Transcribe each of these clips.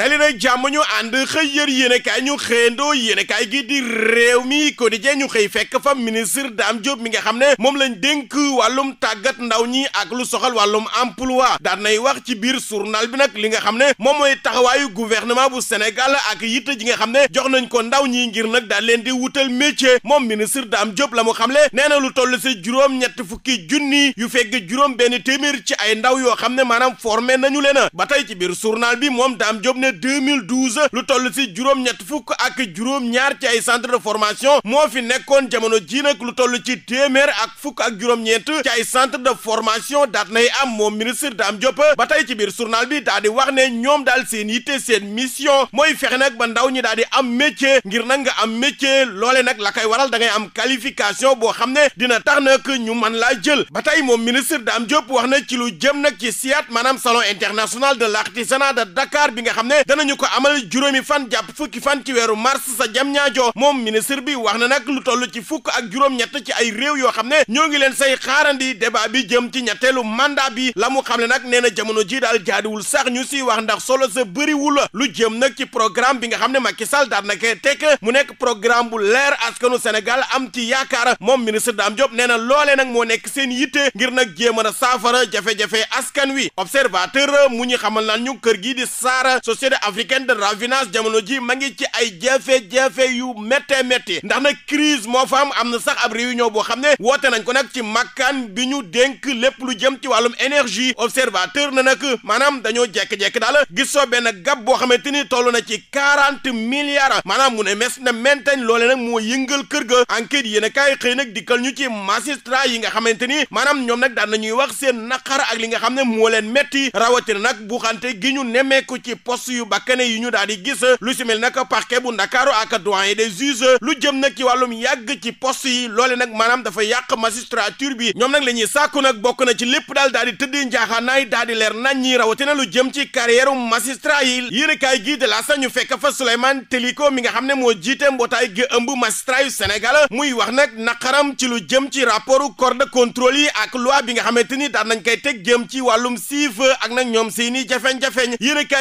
tali nag jàmm ñu ànd xëy yër yéenekaay ñu xëyandoo yéenekaay gi di réew mi quotidien ñu xëy fekk fa ministre Dame Diop mi nga xam ne moom lañ dénk wàllum tàggat ndaw ñi ak lu soxal wàllum emploi daan nay wax ci biir surnal bi nag li nga xam ne moom mooy taxawaayu gouvernement bu Sénégal ak yitte ji nga xam ne jox nañ ko ndaw ñi ngir nag daal leen di wutal métier moom ministre Dame Diop la xam xamle nee na lu toll si juróom ñett fukki junni yu fekk juróom benn téeméer ci ay ndaw yoo xam ne maanaam formé nañu leen ba tey ci biir journal bi moom Dame Diop 2012 lu toll si juróom-ñett fukk ak juróom-ñaar ci ay centre de formation moo fi nekkoon jamono ji lu toll ci téeméer ak fukk ak juróom-ñeent ci ay centre de formation daat nay am moom ministre Dame Diop ba tey ci biir journal bi daa di wax ne ñoom daal seen yitte seen mission mooy fexe nag ba ndaw ñi daal di am métier ngir nag nga am métier loole nag la waral da ngay am qualification boo xam ne dina tax nag ñu mën laa jël ba tey moom ministre Dame Diop wax na ci jëm nag ci siyaat maanaam salon boobee ñu ko amal juróomi fan jàpp fukki fan ci weeru mars sa jam ñaajo moom ministre bi wax na nag lu toll ci fukk ak juróom-ñett ci ay réew yoo xam ne ñoo ngi leen say xaarandi débat bi jëm ci ñetteelu mandat bi la mu xam ne nag nee na jamono jii daal jaadiwul sax ñu si wax ndax solo sa bëriwul lu jëm nag ci programme bi nga xam ne Macky Sall daal na koy teg mu nekk programme bu leer askanu Sénégal am ci yaakaar moom ministre Dame Diop nee na loolee nag moo nekk seen yitte ngir nag jéem a saafara jafe-jafe askan wi observateur mu ñu kër gii di société africaine de raffinage jamono ji ma ngi ci ay jafe-jafe yu méttee métti ndax nag crise moo fa am am na sax ab réunion boo xam ne woote nañ ko nag ci makkaan bi ñu denk lépp lu jëm ci wàllum énergie observateur na nag maanaam dañoo jekk-jekk daal gisoo benn gab boo xamante ni toll na ci quarante milliards maanaam mu ne mes na mentañ loole nag moo yëngal kër ga enquête yéen a kaay xëy nag dikkal ñu ci magistrat yi nga xamante ni maanaam ñoom nag daan nañuy wax seen naqar ak li nga xam ne moo leen métti rawatina nag buuxante gi ñu nemmeeku ci poste yu bakkane yi ñu daal di gis lu si mel nag parquet bu ndakaaru ak doyen des juges lu jëm nag ci wàllum yàgg ci poste yi loole nag maanaam dafa yàq magistrature bi ñoom nag la ñuy sàkku nag bokk ci lépp daal daal tëddi njaaxaanaay daal di nañ ñi rawatina lu jëm ci carrière magistrat yi yéen a kaay gii de ñu fekk fa Souleymane Teliko mi nga xam ne moo jiite mbootaay gi ëmb magistrat yu Sénégal muy wax nag naqaram ci lu jëm ci rapport corps de a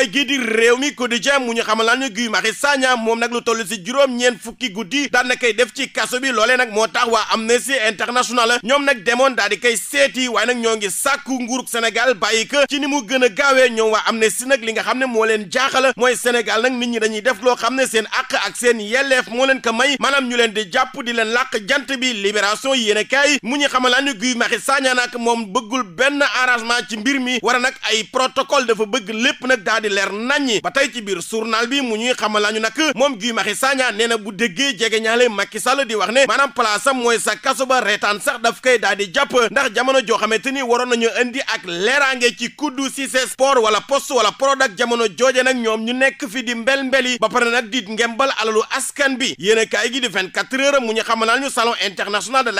réew mi quotidien mu ñu xamal laan ñu Guy Marius Sagna moom nag lu toll si juróom ñeen fukki guddi daan na koy def ci kaso bi loolee nag moo tax waa Amnesty International ñoom nag demoon daal di koy seeti waaye nag ñoo ngi sàkku nguurug Sénégal bàyyi ko ci ni mu gën a gaawee ñoom waa Amnesty nag li nga xam ne moo leen jaaxal mooy Sénégal nag nit ñi dañuy def loo xam ne seen àq ak seen yelleef moo leen ka may maanaam ñu leen di jàpp di leen làq jant bi libération yéene kaay mu ñu xamal laan ñu Guy Marius Sagna nag moom bëggul benn arrangement ci mbir mi war a nag ay protocole dafa bëgg lépp nag daal di leer nañ ñi ba tey ci biir journal bi mu ñuy xamal lañu nag moom Guy Marius Sagna nee na bu déggee jege ñaale Macky Sall di wax ne maanaam place am mooy sa kaso ba reetaan sax daf koy daal di ndax jamono joo xamante ni waroon nañu ak leeraange ci kuddu si se sport wala poste wala Prodac jamono ñoom ñu nekk fi di mbel mbeli ba pare nag di ngembal alalu askan bi yéen a gi di 24 heures mu ñu xamal salon international de l'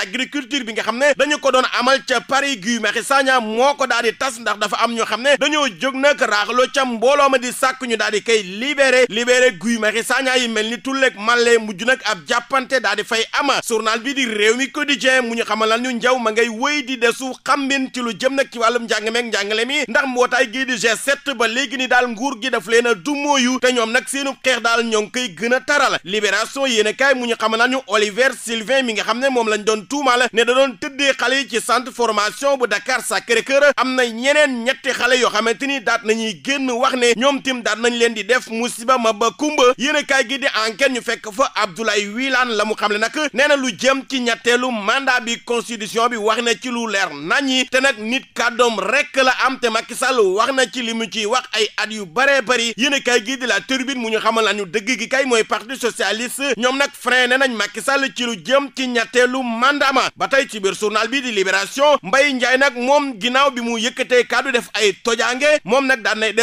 bi nga xam sàkk ñu daal di koy libéré libéré Guy Marius Sagna yi mel ni tulleeg màlle mujj nag ab jàppante daal fay ama journal bi di réew mi quotidien mu ñu xamal lan ñu njaw ma ngay wéy di desu xambin ci lu jëm nag ci wàllum njàng meeg njàngale mi ndax mbootaay gii di G7 ba léegi ni daal nguur gi daf leen a dumóoyu te ñoom nag seenu xeex daal ñoo ngi koy gën a taral libération yéene kaay mu ñu xamal lan ñu Olivier mi nga xam ne moom lañ doon tuumal ne da doon tëddee xale yi ci centre formation bu Dakar Sacré-Cœur am na ñeneen ñetti ni daat nañuy génn wax ne daan nañ leen di def musiba ma ba kumba yéenekaay gi di enquête ñu fekk fa Abdoulaye Wilane la mu xamle nag nee na lu jëm ci ñetteelu mandat bi constitution bi wax na ci lu leer nañi te nag nit kàddoom rek la am te Macky Sall wax na ci li mu ciy wax ay at yu bëree bëri yéenekaay gi di la Tribune mu ñu xamal la ñu dëgg gi kay mooy parti socialiste ñoom nag freiné nañ Macky Sall ci lu jëm ci ñetteelu mandat ma ba tey ci biir journal bi di Libération Mbaye Ndiaye nag moom ginnaaw bi mu yëkkatee kàddu def ay tojaange moom nag daan nay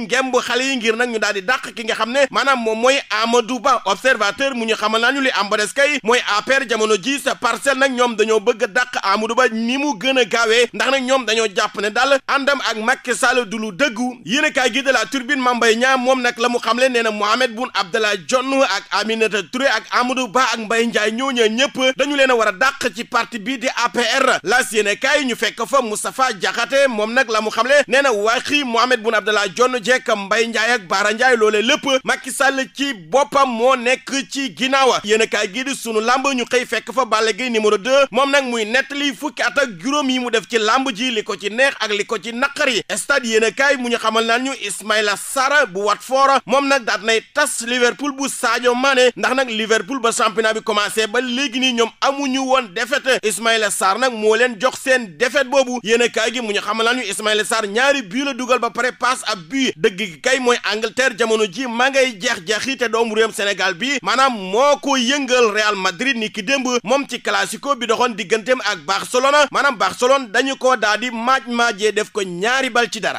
ngemb xale yi ngir nag ñu daal di dàq ki nga xam ne maanaam moom mooy Amadou Ba observateur mu ñu xamal naa ñu li ambades kay mooy APR jamono ji sa parcelle nag ñoom dañoo bëgg a dàq Ba ni mu gën a ndax nag ñoom dañoo jàpp ne daal àndam ak Macky Sall du lu dëggu yéen a kaay gi de la turbine mambay ñaa moom nag la mu xamle nee Mohamed Boun Abdallah Dionne ak Aminata Touré ak Amadou Ba ak Mbaye Ndiaye ñooñu ñëpp dañu leen a war a dàq ci parti bii di APR las yéen a kaay ñu fekk fa Moustapha Diakhaté moom nag la mu xamle nee jeeg Mbaye Ndiaye ak Baara Ndiaye loolee lépp Macky Sall ci boppam moo nekk ci ginnaawa yéen a kaay di sunu làmb ñu xëy fekk fa Balla Gaye numéro 2 moom nag muy nett nettali fukki at ak juróom yi mu def ci làmb ji li ko ci neex ak li ko ci naqari stade yéen a kaay mu ñu xamal naan ñu Ismaïla Sarr bu Watford moom nag daat nay tas Liverpool bu ma ne ndax nag Liverpool ba sampina bi commencé ba léegi nii ñoom amuñu woon défaite Ismaïla Sarr nag moo leen jox seen défaite boobu yéen a kaay gi mu ñu xamal naan ñu Ismaïla Sarr dugal dëgg gi kay mooy Angleterre jamono ji ma ngay jeex-jeexi te doomu réewum Sénégal bi maanaam moo ko yëngal Real Madrid ni ki démb moom ci classico bi doxoon digganteem ak Barcelona maanaam Barcelone dañu ko daal di maaj maajee def ko ñaari bal ci dara